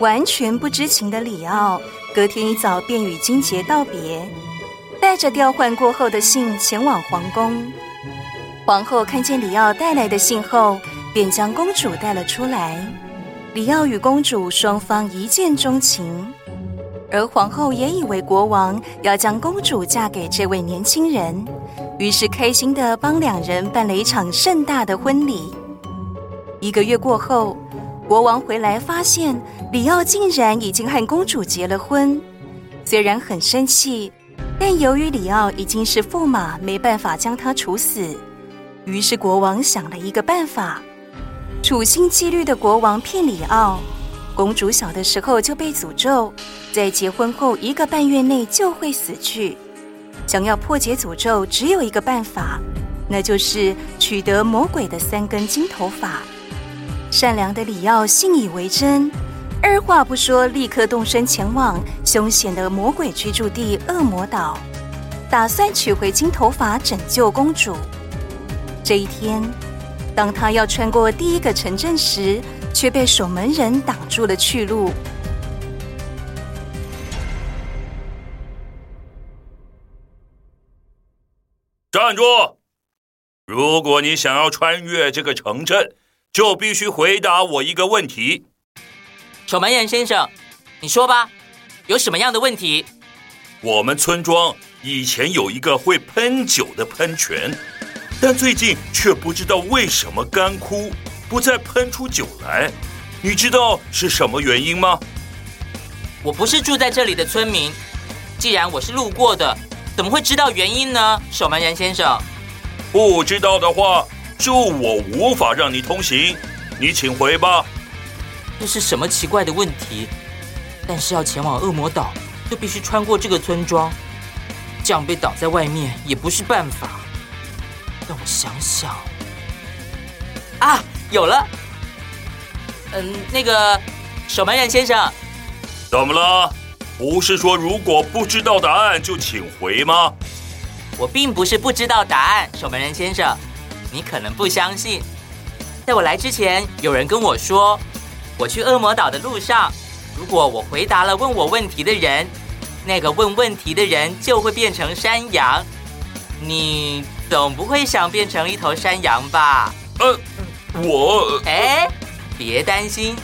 完全不知情的里奧，隔天一早便與金傑道別，帶着調換過後的信前往皇宮。皇後看見里奧帶來的信後，便將公主帶了出來。里奧與公主雙方一見鍾情，而皇後也以為國王要將公主嫁給這位年輕人，於是開心地幫兩人辦了一場盛大的婚禮。一個月過後。國王回來發現，里奧竟然已經和公主結了婚。雖然很生氣，但由於里奧已經是駙馬，沒辦法將他處死。於是國王想了一個辦法，處心積慮的國王騙里奧：公主小的時候就被詛咒，在結婚後一個半月內就會死去。想要破解詛咒，只有一個辦法，那就是取得魔鬼的三根金頭髮。善良的里奧信以為真，二話不說，立刻動身前往凶險的魔鬼居住地惡魔島，打算取回金頭髮拯救公主。這一天，當他要穿過第一個城鎮時，卻被守門人擋住了去路。站住！如果你想要穿越這個城鎮，就必須回答我一個問題。守門人先生，你說吧，有什麼樣的問題？我們村莊以前有一個會噴酒的噴泉，但最近卻不知道為什麼乾枯，不再噴出酒來。你知道是什麼原因嗎？我不是住在這裡的村民，既然我是路過的，怎麼會知道原因呢？守門人先生，不知道的話。就我無法讓你通行，你請回吧。這是什麼奇怪的問題？但是要前往惡魔島，就必須穿過這個村莊。這樣被擋在外面也不是辦法。讓我想想。啊，有了。嗯，那個守門人先生，怎麼了？不是說如果不知道答案就請回嗎？我並不是不知道答案，守門人先生。你可能不相信，在我來之前，有人跟我說，我去惡魔島的路上，如果我回答了問我問題的人，那個問問題的人就會變成山羊。你總不會想變成一頭山羊吧？呃，我……哎，別擔心，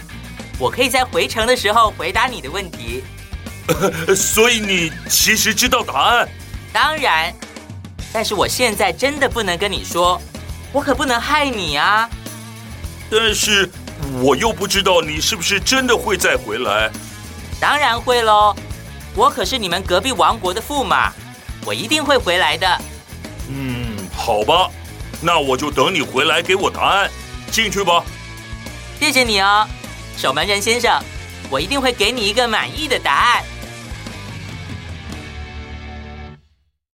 我可以在回程的時候回答你的問題。所以你其實知道答案？當然，但是我現在真的不能跟你說。我可不能害你啊！但是我又不知道你是不是真的會再回來。當然會嘍，我可是你們隔壁王國的駙馬，我一定會回來的。嗯，好吧，那我就等你回來給我答案。進去吧。謝謝你哦，守門人先生，我一定會給你一個滿意的答案。